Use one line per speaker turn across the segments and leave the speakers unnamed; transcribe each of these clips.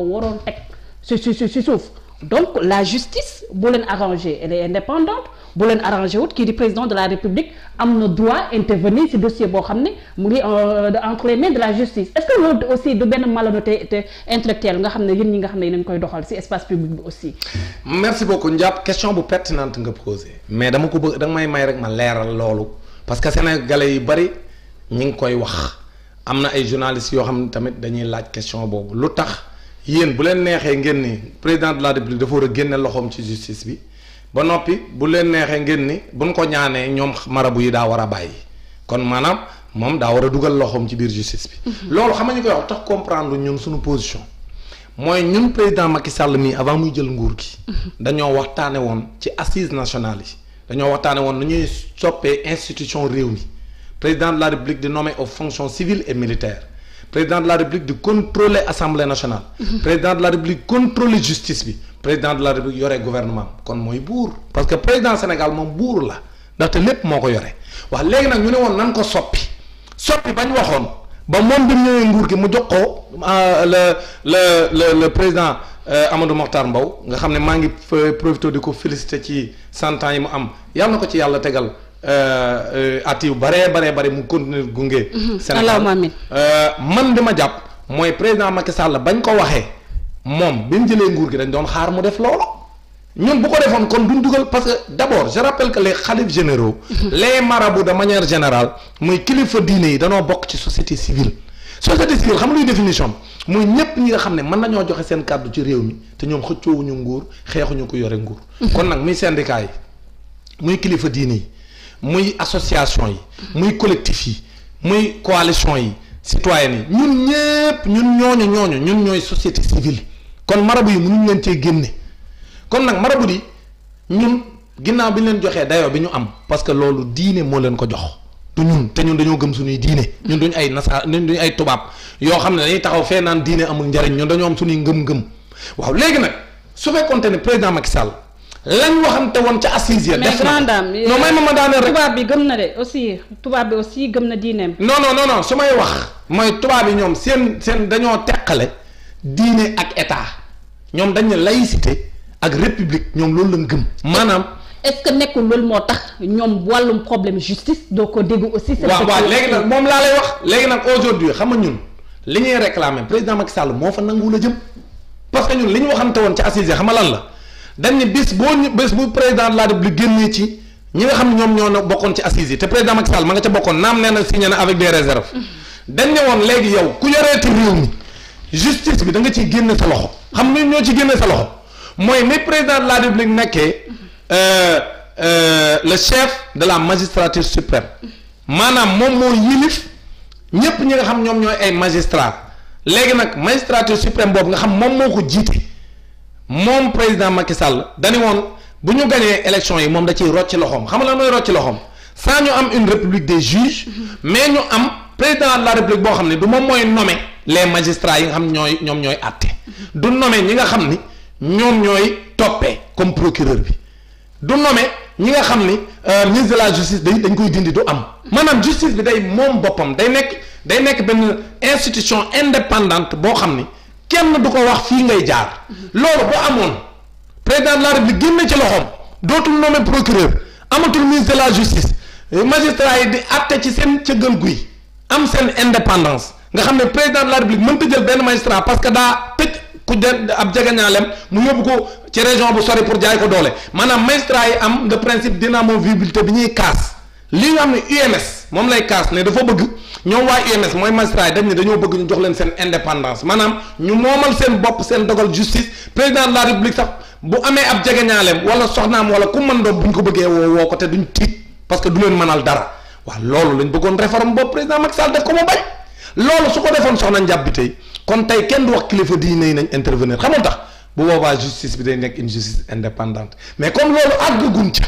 waroon teg si si suuf donc la justice bu leen arrangé elle est indépendante bu leen arrangé wut kii di président de la république am na droit intervenir si dossier boo xam ne mu ngi euh, entre les mains de la justice est-ce que loolu aussi du benn malhonnêteté nga xam ne yéen nga xam ne nañ koy doxal si espace public bi aussi.
merci beaucoup Ndiap question bu pertinente nga posé mais dama ko bëgg danga may may rek ma leeral loolu parce que sénégalais yu bari ñi ngi koy wax am na ay journalistes yoo xam ne tamit dañuy laaj question boobu lu tax. yéen bu leen neexee ngeen ni président de la république dafa war a génne loxoom ci justice bi ba noppi bu leen neexee ngeen ni buñ ko ñaanee ñoom marabu yi daa war a bàyyi kon maanaam moom daa war a dugal loxoom ci biir justice bi. Mhm. loolu xam ñu koy wax tax comprendre ñun suñu position mooy ñun président Macky Sall mii avant muy jël nguur gi. Mhm. dañoo waxtaane woon ci assises nationales yi dañoo waxtaane woon nu ñuy soppee institution réew mi président la république di nommé aux fonctions civiles et président de la république di contrôler assemblée nationale. Mhm. président de la république contrôler justice bi. président de la république yore gouvernement kon mooy buur parce que président Sénégal moom buur la ndaxte lépp moo ko yore wax léegi nag ñu ne woon nan ko soppi soppi bañ waxoon ba moom bi mu ñëwee nguur gi mu jox ko euh, le la le le président. Euh, Amadou moxtar Mbow nga xam ne maa ngi euh, profité di ko félicité ci cent ans yi mu am yàlla na ko ci yàlla tegal Euh, euh, at yu baree baree bare mu continuer gunge. Mhm. Sénégal euh, man dama jàpp mooy président Macky Sall bañ ko waxee moom bi mu jëlee nguur gi dañ doon xaar mu def loolu. ñun bu ko defoon kon duñ dugal parce que d'abord je rappelle que les khalifes généraux. Mhm. les marabouts de manière générale muy kilifa diine yi danoo bokk ci société civile. société civile xam luy définition muy ñëpp ñi nga xam ne mën nañoo joxe seen kàddu ci réew mi te ñoom xëccoowuñu nguur xeexuñu ko yore nguur. Mhm. kon nag muy syndicat yi muy kilifa diine yi. muy association yi muy collectif yi muy coalition yi citoyenne yi ñun ñépp ñun ñooñu ñooñu ñun ñooy société civile kon marabu yi mënuñ leen cee génne kon nag marabu yi ñun ginnaaw bi ñu leen joxee dayo bi ñu am parce que loolu diine moo leen ko jox du ñun te ñun dañoo gëm suñuy diine ñun duñu ay nasaar ñun duñu ay tubaab yoo xam ne dañuy taxaw fee naan diine amul njariñ ñun dañoo am suñuy ngëm-ngëm waaw léegi nag su fekkoonte ne président Macky Sall lañ waxante woon ca assise ya def na non may ma ma tubaab
bi gëm na de aussi tubaab bi aussi gëm na diineem. non non non su may wax
mooy tubaab bi ñoom seen seen dañoo teqale diine ak état ñoom dañu ne ak république ñoom loolu lañ gëm maanaam.
est-ce que nekkul loolu moo tax ñoom wàllum problème justice doo ko dégg aussi. waaw waaw léegi nag moom laa lay wax.
léegi nag aujourd'hui xam nga ñun li ñuy réclamer président Macky Sall moo fa nanguwul a jëm parce que ñun li ñu waxante woon ci assise xam la. dañ ne bis boo ñu bés bu président de la République génnee ci ñi nga xam ne ñoom ñoo bokkoon ci assises yi te président Macky Sall ma nga ca bokkoon naam nee na signé na avec des réserves. Mm-hmm. dañ ne woon léegi yow ku yoreeti réew mi justice bi danga nga ciy génne sa loxo xam nga ñoo ci génne sa loxo mooy ni président de la République nekkee mm-hmm. euh, euh, le chef de la magistrature suprême mm-hmm. maanaam moom moo yilif ñépp ñi nga xam ñoom ñooy ay magistrat léegi nag magistrature suprême boobu nga xam moom moo ko jiite. moom président Macky Sall dañu woon bu ñu gañee élection yi moom da ciy rocci loxoom xam nga lan mooy rocci loxoom saa ñu am une république des juges mais ñu am président la république boo xam ne du moom mooy nommer les magistrats yi nga xam ñooy ñoom ñooy àtte du nommer ñi nga xam ni ñoom ñooy toppee comme procureur bi du nommer ñi nga xam ni euh, ministre de la justice dañ dañ koy dindi du am maanaam justice bi day moom boppam day nekk day nekk benn institution indépendante boo xam ni kenn du ko wax fii ngay jaar loolu bu amoon président de la République génn ci loxoom dootul nommé procureur amatul ministre de la justice magistrat yi di àtte ci seen cëggal guy am seen indépendance nga xam ne président de la République mënta jël benn magistrat parce que daa tëj ku den ab jegeñaaleem mu yóbbu ko ci région bu sori pour jaay ko doole maanaam magistrat yi am le principe d'inamovibilité bi ñuy kaas li nga am ne UMS moom lay kaas ne dafa bëgg ñoom waa UMS mooy magistrat yi dañ ne dañoo bëgg ñu jox leen seen indépendance maanaam ñu moomal seen bopp seen dogal justice président de la république sax bu amee ab jegeñaaleem wala soxnaam wala ku mën doon bu ñu ko bëggee woo woo ko te duñ tiit parce que du leen mënal dara waaw loolu lañ bëggoon réforme boobu président Macky Sall def ko mu bañ loolu su ko defoon soxna njàpp bi tey kon tey kenn du wax kilifa diine yi nañ intervenir xamul tax bu boobaa justice bi day nekk une justice mais comme loolu àggaguñ ca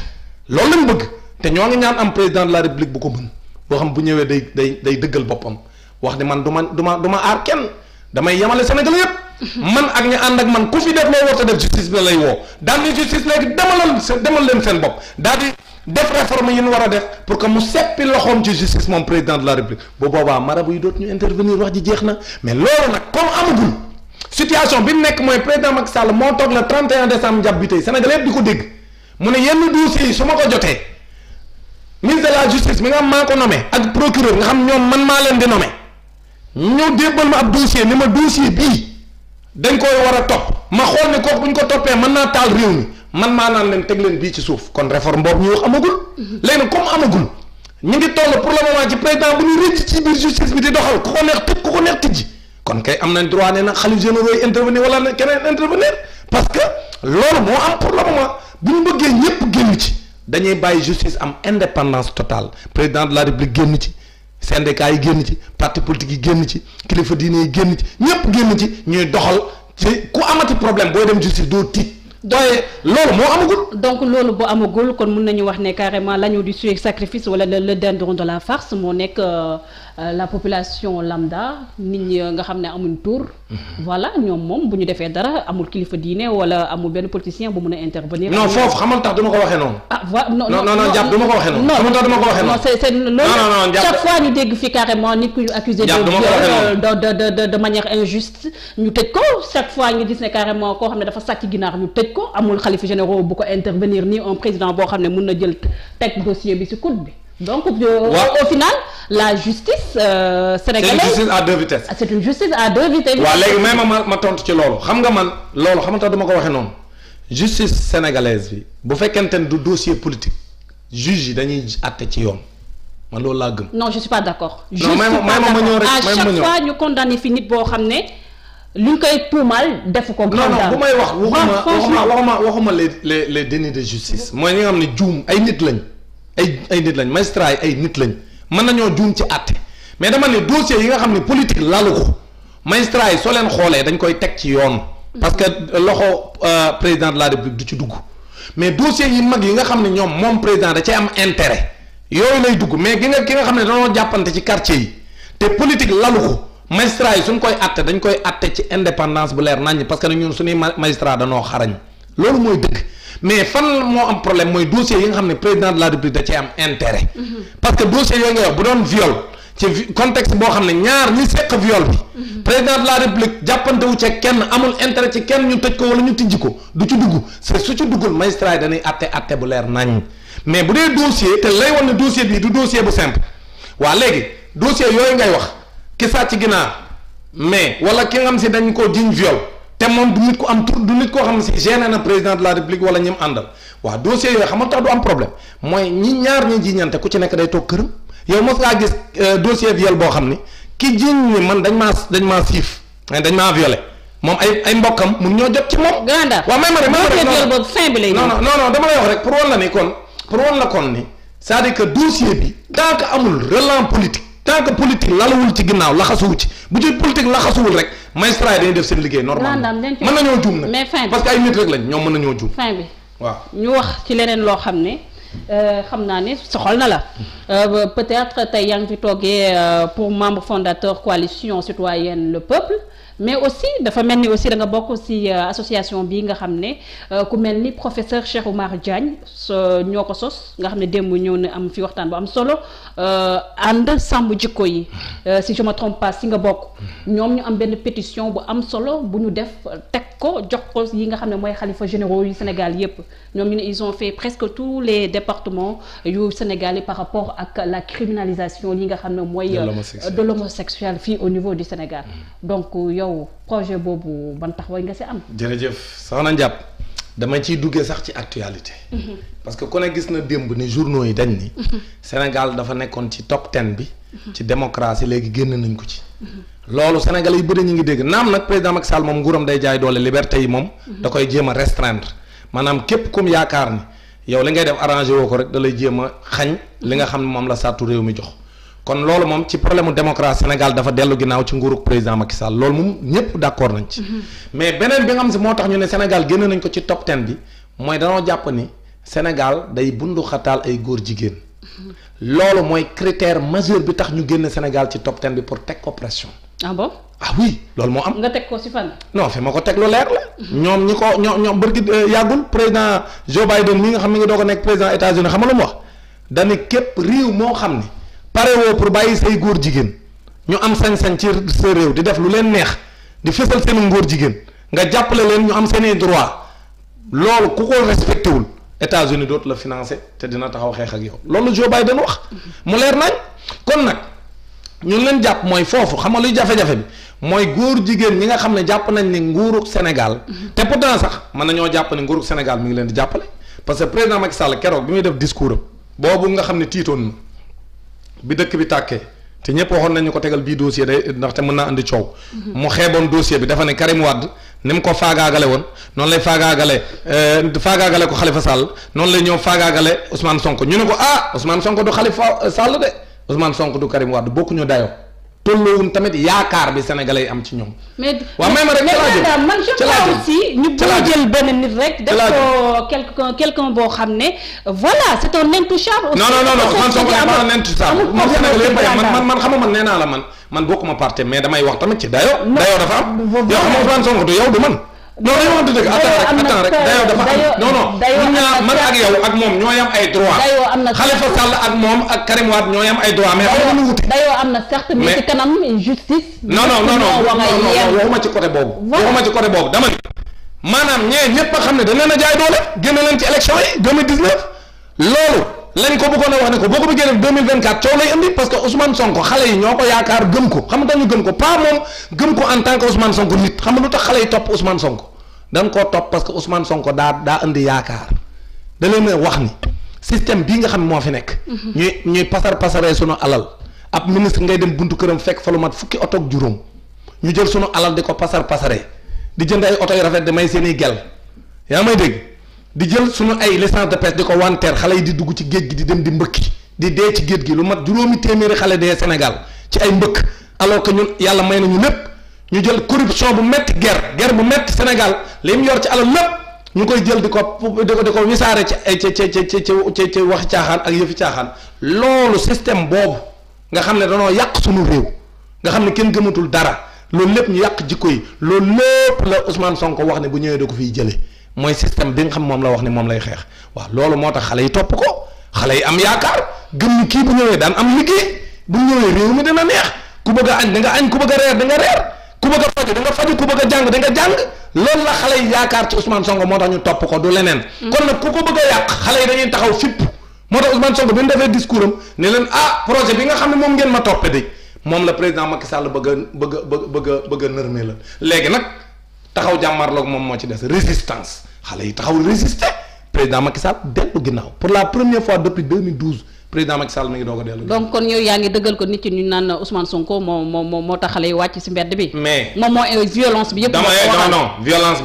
loolu lañ bëgg te ñoo ñaan am président de la république bu ko mën. boo xam bu ñëwee day day day dëggal boppam wax ni man du ma du ma ma aar kenn damay yemale Sénégal yëpp. man ak ñu ànd ak man ku fi def loo war a def justice bi lay woo daal ni justice léegi demalal demal leen seen bopp daal di def réforme yi ñu war a def pour que mu seppi loxoom ci justice moom président de la république bu boobaa marabu yi dootu ñu intervenir wax ji jeex na mais loolu nag comme amagul situation bi mu nekk mooy président Macky Sall moo toog le 31 décembre njàpp bi tey Sénégal yëpp ko dégg mu ne yenn su ma ko jotee. ministre de la justice mi nga xam maa ko nommé ak procureur nga xam ñoom man maa leen di nommé ñëw débbal ma ab dossier ni ma dossier bii dañ koy war a topp ma xool ne kooku bu ñu ko toppee mën naa taal réew mi man maa naan leen teg leen bii ci suuf kon réforme boobu ñuy wax amagul léegi nag comme amagul ñu ngi toll pour le moment ci président bu ñu rëcc ci biir justice bi di doxal ku ko neex tëj ku ko neex tëj kon kay am nañ droit ne nag xalif généraux yi intervenir moo am pour le moment bu ñu bëggee ñëpp génn ci. dañuy bàyyi justice am indépendance totale président de la république génn ci syndicat yi génn ci partie politique yi génn ci kilifa diine yi génn ci ñëpp génn ci ñuy doxal ci ku amati problème booy dem justice doo tiit doye loolu moo amagul. donc loolu boo amagul kon
mun nañu wax ne carrément l'agneau du sacrifice wala le dindon de la farce moo nekk euh, euh, la population lambda nit ñi nga xam ne amuñ tur voilà ñoom moom bu ñu defee dara amul kilifa diine wala amul benn politicien bu mun a intervenir. non foofu xamal tax dama ko waxee noonu. ah wa non non non jàpp dama ko waxee noonu. xamal tax dama ko waxee noonu. non c'est c'est loolu chaque fois ñu dégg fi carrément nit ku ñu accusé de de de de de manière injuste ñu tëj ko chaque fois ñu gis ne carrément koo xam ne dafa sàcc ginaar ñu tëj ko amul xalifa généraux bu ko intervenir ni un président boo xam ne mun na jël teg dossier bi si coude bi. donc euh, ouais. au final la justice euh, sénégalaise c'est une justice à deux vitesses. à deux vitesses. waaw léegi may
ma ma tontu ci loolu xam nga man loolu xam nga tax dama ko waxee noonu justice sénégalaise bi bu fekkente ne du dossier politique juge yi dañuy àtte ci yoon man loolu laa gëm.
non je suis pas d'accord. non may ma ma ñëw rek à chaque fois ñu condamné fi nit boo xam ne luñ koy tuumal def ko. non non bu may wax waxuma
waxuma waxuma les les les dénis de justice. mooy ñi nga xam ay nit lañ. ay ay nit lañ magistrat yi ay nit lañ mën nañoo juum ci àtte mais dama ne dossier yi nga xam ne politique lalu ko magistrat yi soo leen xoolee dañ koy teg ci yoon. parce que loxo euh, président de la république du ci dugg mais dossier yi mag yi nga xam ne ñoom moom président da cay am intérêt yooyu lay dugg mais gi nga ki nga xam ne dañoo jàppante ci quartier yi te politique lalu ko magistrat yi suñ koy atte dañ koy atte ci indépendance bu leer naññ parce que ñun suñuy magistrat dañoo xarañ. loolu mooy dëgg mais fan moo am problème mooy dossier yi nga xam ne président de la république da cee am intérêt. Mhm. parce que dossier yooyu nga wax bu doon viol ci contexte boo xam ne ñaar ñi seq viol bi. Mhm. président de la république jàppante wu ca kenn amul intérêt ci kenn ñu tëj ko wala ñu tijji ko du ci dugg c'est su ci duggul magistrat yi dañuy àtte àtte bu leer nañ mais bu dee dossier te lay wan ne dossier bii du dossier bu simple waa léegi dossier yooyu ngay wax ki ci ginnaaw mais wala ki nga xam koo jiñ viol. te moom du nit ku am tur du nit koo xam ne si gêné na président de la république wala ñim àndal waaw dossier yooyu xamal tax du am problème mooy ñi ñaar ñi jiñante ku ci nekk day toog këram yow euh, boo xam ni ki jiñ ni man dañ maa dañ maa siif dañ maa violé moom ay ay mbokkam mun ñoo jot ci moom. gànnaar waaw may ma rek may ma non non non dama lay wax rek pour wan la ni kon pour wan la kon ni c'est-à-dire que dossier bi tant que amul relent politique. tant que lalawul ci ginnaaw laxasuwu ci bu ci politique laxasuwul rek magistrat yi dañuy def seen liggéey normal mën
nañoo juum nag
mais fin parce que ay nit rek lañ ñoom mën nañoo juum fin bi waaw
ñu wax ci leneen loo xam ne euh, xam naa ni soxal na la euh, peut-être tey yaa ngi fi toogee euh, pour membre fondateur coalition citoyenne le peuple mais aussi dafa mel ni aussi danga nga bokk ci euh, association bi nga xam ne euh, ku mel ni professeur Cheikh Oumar Diagne ñoo ko sos nga xam ne démb ñëw na am fi waxtaan bu am solo euh, ànd sàmm jikko yi hmm. si je me trompe nga bokk hmm. ñoom ñu am benn pétition bu am solo bu ñu def teg ko jox ko yi nga xam ne mooy xalifa généraux yu Sénégal yépp ñoom ñu ne ils ont fait presque tous les départements yu Sénégal yi par rapport ak la criminalisation yi nga xam ne mooy de l'homosexuel fii au niveau du Sénégal hmm. yow projet boobu ban taxawaay nga si
am. jërëjëf soo na Ndiaye dama ciy duggee sax ci actualité. Mhm. parce que ku gis na démb ni journaux yi dañ ni. Mhm. Sénégal dafa nekkoon ci top ten bi. Mhm. ci démocratie léegi génn nañ ko ci. loolu sénégalais yi bëri ñu ngi dégg naam nag président Macky Sall moom nguuram day jaay doole liberté yi moom. da koy jéem a restreindre maanaam képp kum yaakaar na yow li ngay def arrangé woo ko rek da lay jéem a xañ li nga xam ne moom la sàrtu réew mi jox. kon loolu moom ci problème mu démocratie Sénégal dafa dellu ginnaaw ci nguurug président Macky Sall loolu moom ñëpp d' accord nañ ci. Mhm. mais beneen bi nga xam si moo tax ñu ne Sénégal génn nañ ko ci top ten bi mooy danoo jàpp ni Sénégal day bundu xataal ay góor jigéen. Mhm. loolu mooy critère majeur bi tax ñu génn Sénégal ci top ten bi pour teg ko pression. ah bon ah oui loolu moo am. nga teg ko si fan. no fi ma ko teg lu leer la. Mhm. ñoom ñi ko ñoom ñoom bërki euh, yàggul président Joe Biden nga xam ne nga doo ko nekk président États-Unis xam nga lu mu wax képp réew moo xam ni. pare woo pour bàyyi say góor jigéen ñu am sañ-sañ ci sa réew di def lu leen neex di fësal seen ngóor jigéen nga jàppale leen ñu am seeni droit loolu ku ko respecté wul États-Unis dootu la financé te dina taxaw xeex ak yow loolu Joe Biden wax mu leer nañ kon nag ñu leen jàpp mooy foofu xam nga luy jafe-jafe bi mooy góor jigéen ñi nga xam ne jàpp nañ ne nguurug Sénégal te pourtant sax na ñoo jàpp ne nguurug Sénégal mu ngi leen di jàppale parce que président Macky Sall keroog bi muy def discours am boobu nga xam ne tiitoon bi dëkk bi tàkkee te ñëpp waxoon nañu ko tegal bii dossier day ndaxte mën naa indi coow. mu xeeboon dossier bi dafa ne Karim Wade ni mu ko faagaagale woon noonu lay faagaagale euh, faagaagale ko xalifa sàll noonu lay ñëw faagaagale Ousmane sonk ñu ne ko ah Ousmane sonk du Khalifa Sall de Ousmane sonk du Karim bokku ñu dayoo. tolloowuñ tamit yaakaar bi sénégalais yi am ci ñoom.
mais waaw may ma rek ca man je crois aussi ñu bëgg a jël benn nit boo xam ne voilà c'est un intouchable. aussi non non non man Sonko n'est pas un intouchable. moom sénégalais yëpp man man man xam man nee naa
la man man bokkuma parti mais damay wax tamit ci dayo dayo dafa am. yow xam nga Ousmane du yow du man. non dañoo waxante dëgg attends attends rek dayoo dafa am non non ñun ñaa man ak yow ak moom ñooy am ay droit Khalifa Sall ak moom ak Karim Wade ñooy am ay droit mais xam nga lu
wute dayoo am na certes mais ci kanam justice non non non non waxuma ci
côté boobu waxuma ci côté boobu dama ni maanaam ñee ñépp a xam ne dañ leen a jaay doole génn leen ci élection yi 2019 loolu lañ ko bëggoon a wax ne ko boo ko bëggee def 2024 coow lay indi parce que Ousmane xale yi ñoo ko yaakaar gëm ko xam nga ñu gëm ko pas moom gëm ko en tant que Ousmane Sonko nit xam nga lu tax xale yi topp Ousmane Sonko daa daa indi yaakaar da leen a wax ni système bii nga xam moo fi nekk. Mhm. ñuy ñuy pasar pasaree sunu alal ab ministre ngay dem buntu këram fekk fa lu mat fukki oto juróom ñu jël sunu alal di ko pasar pasaree di jënd ay oto yu rafet di seen i gel yaa may dégg. di jël suñu ay licence de pêche di ko wanteer xale yi di dugg ci géej gi di dem di mbëkki di dee ci géej gi lu mat juróomi téeméeri xale dee Sénégal ci ay mbëkk alors que ñun yàlla may nañu lépp ñu jël corruption bu métti ger guerre bu métti Sénégal li mu yor ci alal lépp ñu koy jël di ko di ko di wisaare ci ay ci ci ci wax caaxaan ak yëfi caaxaan loolu système boobu nga xam ne danoo yàq suñu réew nga xam ne kenn gëmatul dara loolu lépp ñu yàq jikko yi loolu lépp la Ousmane wax ne bu ñëwee da ko fiy jëlee. mooy système bi nga xam moom la wax ni moom lay xeex waaw loolu moo tax xale yi topp ko xale yi am yaakaar gëm ni kii bu ñëwee daan am liggéey bu ñëwee réew mi dina neex ku bëgg a añ da nga añ ku bëgg a reer da nga reer ku bëgg a faju da nga faju ku bëgg a jàng da nga jàng loolu la xale yi yaakaar ci Ousmane Sonko moo tax ñu topp ko du leneen. Mm. kon nag ku ko bëgg a yàq xale yi dañuy taxaw fipp moo tax Ousmane Sonko bi ñu defee discours am ne leen ah projet bi nga xam ne moom ngeen ma toppee de moom la président Macky Sall bëgg bëgg a bëgg bëgg a nërmee la léegi nag taxaw jàmmarloog moom moo ci des résistance xale yi taxaw résister président Macky Sall dellu ginnaaw pour la première fois depuis président Macky Sall mi ngi doog a dellu.
donc kon yow yaa ngi dëggal ko nit ñu naan Ousmane Sonko moo moo moo tax xale yi wàcc ci mbedd bi. mais moom moo violence bi yëpp. dama non
non violence
bi.